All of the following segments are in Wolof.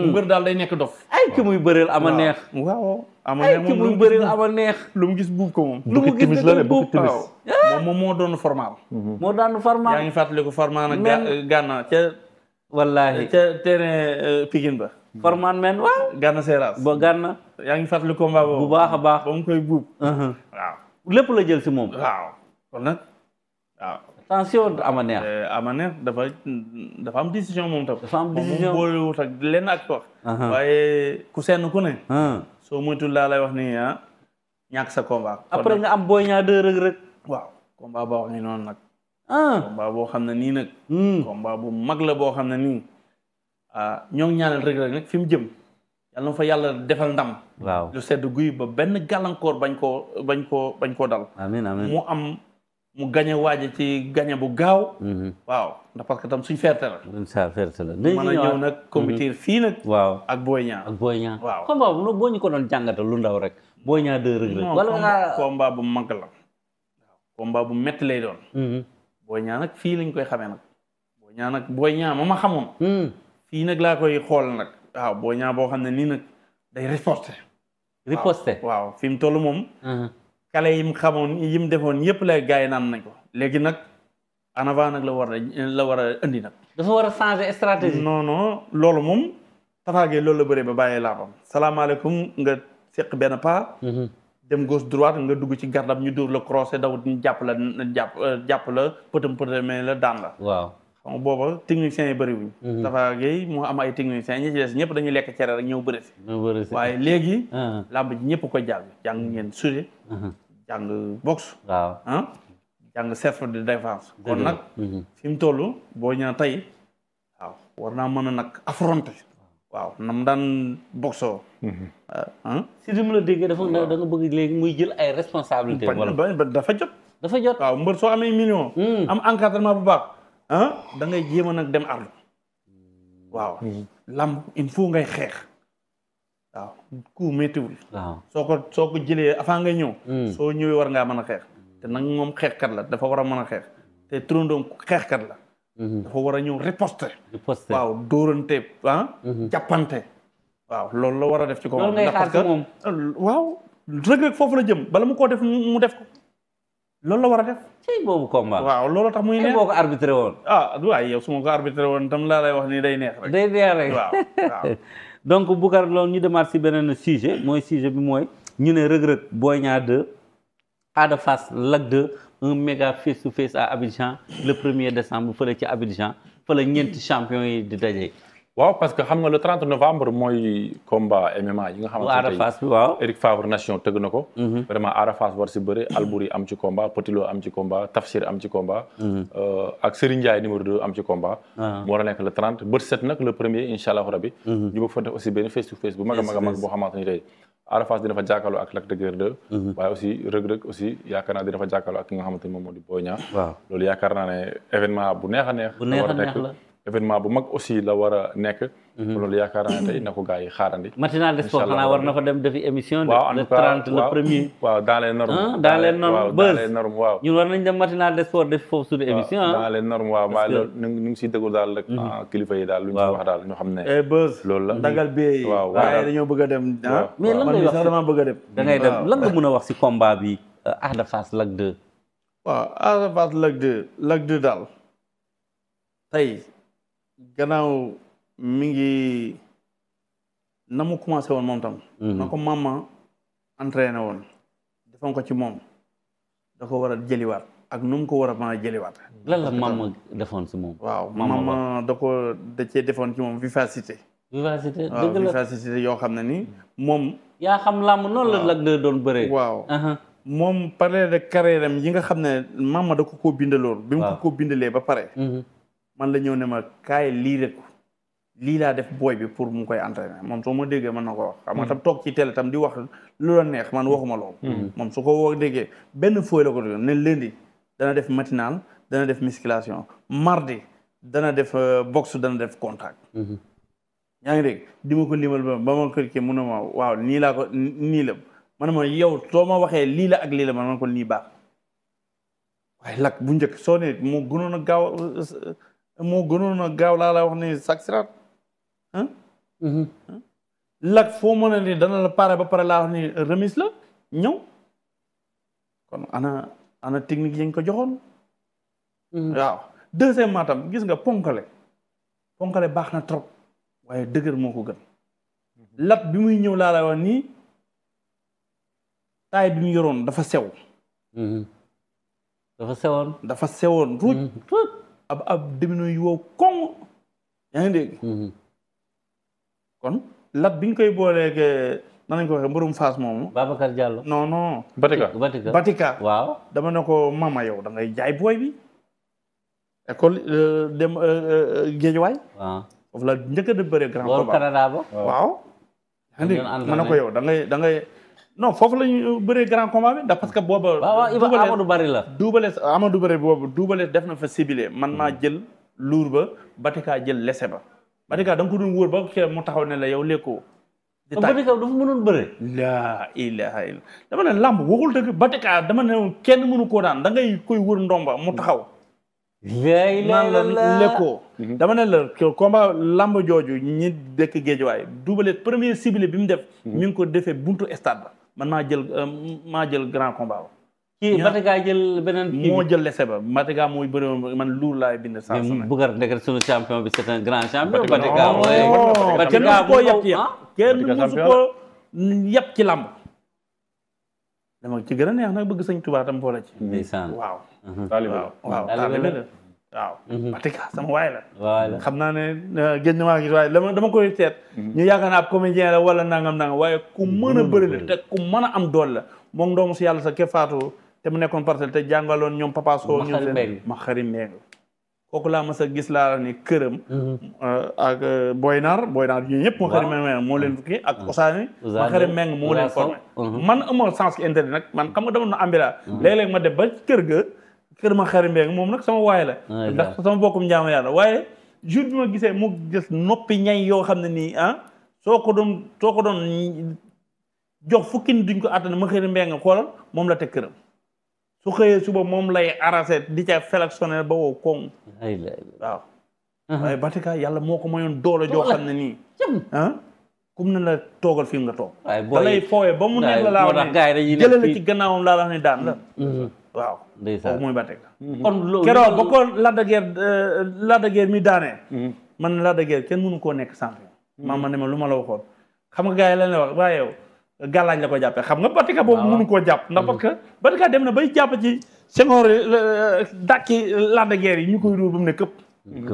mu mbër hmm. daal day nekk dof. ay ki muy bëreel ama neex. neex lu mu gis buub ko moom. lu mu gis la buub waaw. Ah. moom moo doon formal. Mhm. moo daan formal yaa ngi fàttaliku formal nag. men gànna ca. wallaahi ca euh, ba. formal men waaw. gànna seeraas ba gànna. yaa ngi fàttali combat boobu bu baax a baax. ba mu koy buub. Mhm. lépp la jël si moom. waaw. tension ama neex. Eh, ama neex dafa dafa am décision moom tam. dafa am décision moom boolewut ak lenn ak wax. Uh-huh. waaye ku seen ku ne. Uh-huh. soo moytuwul laa lay wax ni ah ñàkk sa combat. après nga am booy ñaar deux rëg rëg. waaw combat ba wax ni noonu nag. Uh-huh. combat boo xam ne nii nag. Hmm. combat bu mag la boo xam ne nii. ah ñoo ngi ñaanal rëg rëg nag fi mu jëm. yàlla na fa yàlla defal ndam. waaw lu sedd guy ba benn gàllankoor bañ koo bañ koo bañ koo dal. amiin amiin mu am. mu gañe waaje ci gañe bu gaaw. Mhm. waaw ndax parce que tam suñ ferte la. incha a ñëw nag compétir mhm. fii nag. waaw ak Boy ñaa ak Boy waaw combat bu boo ñu ko doon jàngatal lu ndaw rek. Boy Niang de Reug Reug. wala combat bu mag la. combat bu métti lay doon. Mhm. Boy Niang nag fii lañ koy xamee nag. Boy ñaa nag Boy Niang ma ma xamoon. fii nag laa koy xool nag. waaw Boy boo xam ne nii nag day riposter. riposter waaw fi mu moom. kale yim xamoon yim defoon yëpp lay gars yi naan nañ ko léegi nag en avant nag la war a la war a indi nag. dafa war a changer stratégie. non non loolu moom. tafaagee loolu la bëree ba bàyyee laafam salaamaaleykum nga seq benn pas. Mhm. dem gauche droite nga dugg ci gardam ñu dóor la croisé daw jàpp la jàpp jàpp la pëtëm pëtëmee la daan waaw xam booba techniciens yi bëriwuñ. Mhm. tafaagee moo am ay techniciens ñi ci ñëpp dañuy lekk cere rek ñëw bëri si. waaye léegi. Ah. làmb ji ñëpp ko jàll jàng ngeen sujet. Mhm. jàng boxe. waaw ah jàng cercle de défense. kon mm-hmm. nag mm-hmm. fi mu toll boo ñaa tey waaw war naa mën a nag affronter. waaw nam daan boxoo mm-hmm. ah, ah. si du mu la déggee dafa da nga bëgg léegi muy jël ay responsabilité wala dafa jot dafa jot waaw mbër soo amee million mm. am encadrement bu baax ah da ngay jéem a nag dem arlu mm. waaw lamb il faut ngay xeex waaw ku méttiwul waaw soo ko soo ko jëlee avant ngay ñëw hmm. soo ñëwee war ngaa mën a xeex te nag moom xeexkat la dafa war a man a xeex te turandoom xeexkat la hmm. dafa war a ñëw riposte waaw dóorante ah hmm. jàppante waaw loolu la war a def ci ko moom ndax parce waaw Reug Reug foofu la jëm bala mu koo def mu def ko loolu la war a def. ci boobu combat. waaw loolu tax muy neex boo ko arbitré woon. ah ay yow su ma ko arbitré woon tam laa lay wax nii day neex rek. day neex waaw waaw. donc Boucar loolu ñu demaat si beneen sujet mooy sujet bi mooy ñu ne Reug Reug Boy Niang 2 Ada Fass Lac 2 un méga face to face à Abidjan le premier décembre fële ci Abidjan fële ñeenti champion yi di daje. waaw parce que xam nga la 30 novembre mooy combat MMA yi nga xamante ne tey waaw Eric Nation tëgg na ko. Mhm. vraiment Arafas war si bëre Albouri am ci combat Petit Lo am ci combat Tafsir am ci combat. Mhm. Euh, ak Serigne Ndiaye numéro 2 am ci combat. Ah. mu war a nekk la 30 bët set nag le premier incha allah rabi. Mhm. ñu bëgg fa def aussi benn face to face bu mag a mag a mag boo xamante ni tey. Arafas dina fa jàkkaarloo ak Lac de waaye aussi Reug Reug aussi yaakaar naa dina fa jàkkaarloo ki nga xamante ni moom moo di Boy Niang. waaw naa ne événement bu neex a neex. a la événement bu mag aussi la war a nekk. Mhm. loolu yaakaar naa tey na ko gars yi xaarandi. matinal de sport xanaa war na fa dem defi émission. waaw le 30 le premier. waaw dans les normes. Ah, dans les dem matinal de sport defi foofu suñu émission ah. dans ngi siy déglu daal rek. Mhm. Ah, kilifa yi daal lu ñu wax daal ñu xam ne. Eh, buzz loolu la dagal bee. waaw waaw dañoo bëgg dem. Ah. waaw mais lan ngay wax bëgg a dem. da ngay dem lan mën a wax si combat bi. Euh, Ada Fass Lac 2. waaw Ada Fass Lac 2 Lac 2 daal gannaaw mi ngi na mu commencé woon moom tam mhm. na ko maama entraîné woon defoon ko ci moom da ko war a jëliwaat ak nu mu ko war a mën a jëliwaat la la maama defoon si moom waaw maama da ko da cee defoon ci moom vivacité vivacité dëgg la yoo xam ne ni moom yaa xam làmb noonu la Lac doon bëree waaw moom parler de carrière yi nga xam ne maama da ko koo bindaloon bi mu ko koo bindalee ba pare mhm. man la ñëw ne ma kaay lii rek lii def booy bi pour mu koy entraîner moom soo ma déggee mën na ko wax xam nga tam toog ci télé di wax lu la neex man waxuma loolu mm-hmm. Mm-hmm. moom su ko woo déggee benn fooy la ko dégg ne lundi dana def matinal dana def musculation def euh, boxe dana def contact mm-hmm. ngi dégg di ma ko limal ba ma ma ma yow soo ma waxee lii la ak lii man ko nii baax waaye lak bu njëkk soo ne moo gënoon a gaaw moo gënoon a gaaw laa la wax ni sac siraat ah lak foo mën a ni dana la pare ba pare laa wax ni remise la ñëw kon ana technique yi nga ko joxoon mm-hmm. waaw deuxièmement tam gis nga ponkale ponkale baax na trop waaye dëgër moo ko gën mm-hmm. lat bi muy ñëw laa la wax nii taay bi mu yoroon dafa sew mm-hmm. dafa sewoon dafa sewoon ruuj ab ab débino yu wow yaa ngi dégg mm-hmm. kon lat biñ koy booleeg eh, nan lañ ko waxee mburum faas moomu Babacar Diallo non non Batika Batika waaw dama ne ko mama yow da jaay booy bi école euh, dem euh, euh, géejuwaay waaw la njëkk a de grand Canada ba waaw yaa ko yow da non foofu la ñu bëree grand combat bi ndax parce que booba. waaw waaw Amadou Bari la duubalees du Bari boobu duubalees def na fa sibile man maa hmm. jël luur ba Batika jël lese ba Batika da nga ko doon wóor ba mu taxaw ne la yow lekkoo. di taay Batika dafa mënoon bëre. laa ilaha illa dama ne làmb waxul dëgg Batika dama ne kenn mënu koo daan dangay koy wër ndomba mu taxaw. lékkoo mhm. dama ne la combat lamb jooju ñi dëkk géejuwaay duubalee premier cible bi mu def mhm. mi ko defee buntu stade ba man maa jël euh, maa jël grand combat ba kii Mataga jël beneen kii moo jël lese ba Mataga mooy bëri man luur laay bind saa su ne Bougar nekk sunu champion bi c'est un grand champion Mataga mooy Mataga kenn musu koo yëpp ci yëpp ah. kenn musu koo yëpp ci lamb dama ci gën a neex nag bëgg sëñ Tuubaa tam boole ci. ndeysaan waaw. waaw uh-huh. waaw taalibe la waaw. Batika uh-huh. xam naa ne uh, génn waa gi waaye dama dama koy teet uh-huh. ñu yaakaar naa ab comédien la wala nangam nangam waaye ku mën a bëri la te ku mën a am dool la moom doomu si yàlla sa ke faatu te mu nekkoon parcelle te jàngaloon ñoom papa Sow. ñu ma xari mbeeg kooku laa ma sa gis laa ne këram. Mhm. Euh, ak euh, Boynar Boynar yooyu ñëpp. waaw Makari Meng moo leen kii ak mhm. Ousani. Makari Meng moo leen formé. Mhm. man amoo sens ki internet nag man xam nga dama na ambira. léeg-léeg ma dem ba kër ga. kër Makari Meng moom nag sama waay la. Ah, ndax sama bokkum njaam yàlla waaye. jour bi ma gisee mu gis noppi ñay yoo xam ne nii ah soo ko doon soo ko doon jox fukki nit duñ ko ma Makari Meng xoolal moom la te këram. su xëyee suba moom lay arrasé di ca sélectionné ba woo koŋ waaw uh-huh. waaye Batika yàlla moo ko mayoon doole joo xam ne nii ah comme na la toogal fi nga toog da lay ba mu neex la laa wax ne jële laa daan la mm-hmm. waaw kooku mooy Batika mm-hmm. kon loolu keroog ba ko Lac de Guiers euh, Lac mi daanee mm-hmm. man Lac de Guiers kenn mënu koo nekk champion maa ma ne ma lu ma la waxoon xam nga gars yi lan la wax waaye gàllaañ la ko jàppee xam nga Batika boobu mënu koo jàpp ndax Batika mm. dem na bay jàpp ci Senghor euh, dàkki lande guerre yi ñu koy dóor ba mu ne këpp mm.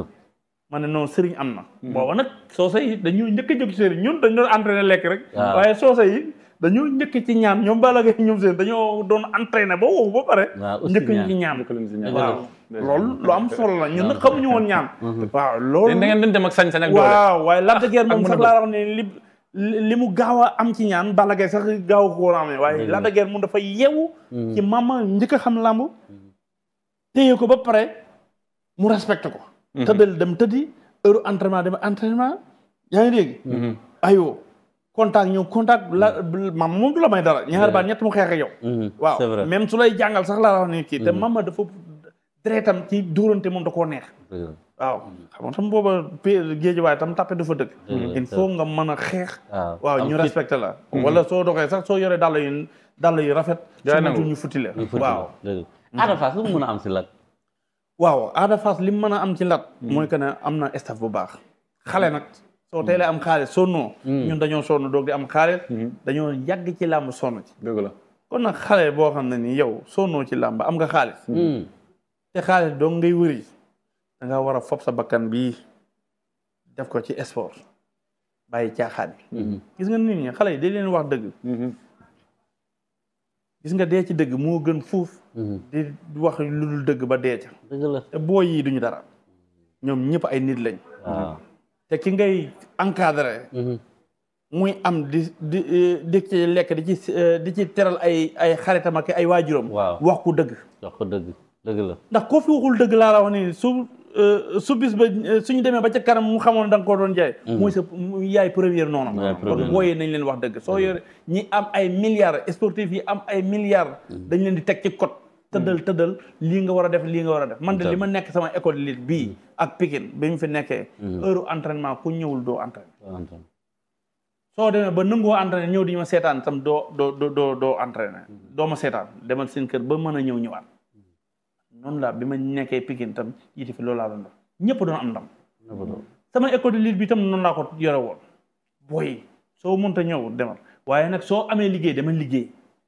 ma ne non sëriñ am na mm. booba nag soose yi dañoo njëkk a jóg ci sëriñ ñun dañ doon lekk rek waaye soose yi dañoo njëkk ci ñaan ñoom bala ngay ñoom seen dañoo doon entraîné ba wow ba pare njëkk ñu ci ñaan waaw loolu lu am solo la ñun nag xamuñu woon ñaan mm-hmm. waaw loolu da ngeen doon dem ak sañ-sañ ak doole waaw waaye lande guerre moom sax laa wax ne li mu gaaw a am ci ñaan Balla sax gaaw a ko war a amee waaye Lac de Guiers dafa yeewu mm-hmm. ci mama njëkk a xam làmb téye ko ba pare mu respecté ko mm-hmm. tëddal dem tëddi heure entraînement dem entraînement yaa ngi dégg mm-hmm. ayoo contact ñëw contact la mama moom du la may dara ñaar baat ñett mu xeex ak yow waaw même su lay jàngal sax laa wax nit ki te mama dafa deretam ci dóorante moom da koo neex waaw mm. xam nga tam booba géejuwaay tam tàppe dafa dëkk mm. Mm. il faut nga mën a xeex ah. waaw ñu respecté la wala soo doxee sax soo yoree dàll yu dàll yu rafet surtout ñu futti la waaw Ada Fass a am si lat waaw Ada Fass li mu mën a am ci lat mooy que ne am na staff bu baax xale nag soo teelee am xaalis sonnoo ñun dañoo sonn doog am xaalis dañoo yàgg ci làmb sonn ci la kon nag xale boo xam ne ni yow sonnoo ci làmb am nga te xaalis doog ngay wëri da nga war a fob sa bakkan bii def ko ci sport bàyyi caaxaat bi mhm. gis nga nit ñi xale yi day leen wax dëgg mhm. gis nga dee ci dëgg moo gën fuuf mhm. di wax lu dul dëgg ba dee ca te boo yii duñu dara ñoom ñëpp ay nit lañ te ki ngay encadré muy am di di di ci lekk di ci di ci teral ay ay xaritam ak ay waajuram. waaw wax ku dëgg. dëgg dëgg la. ndax koo fi waxul dëgg laa la wax nii su Euh, su bis ba euh, suñu demee ba ca kanam mu xamoon da nga koo doon jaay. Mm. mooy sa yaay première noonu. kon nañu leen wax dëgg soo mm. yore ñi am ay milliards sportifs yi am ay milliards. Mm. dañ leen di teg ci code. tëddal tëddal lii nga war a def lii nga war a def. man de li ma nekk sama école lit bii ak Pikine ba mu fi nekkee. heure entraînement ku ñëwul doo entraîné. soo demee ba nanguwoo entraîné ñëw di ma seetaan tam doo doo doo doo entraîné. doo ma seetaan demal seen kër ba mën a ñëw ñëwaat. noonu laa bi ma nekkee Pikine tam yiti fi loolu laa doon def ñëpp doon am ndam. sama école de bi tam noonu laa ko yore woon. booy soo mënta ñëw demal waaye nag soo amee liggéey dama liggéey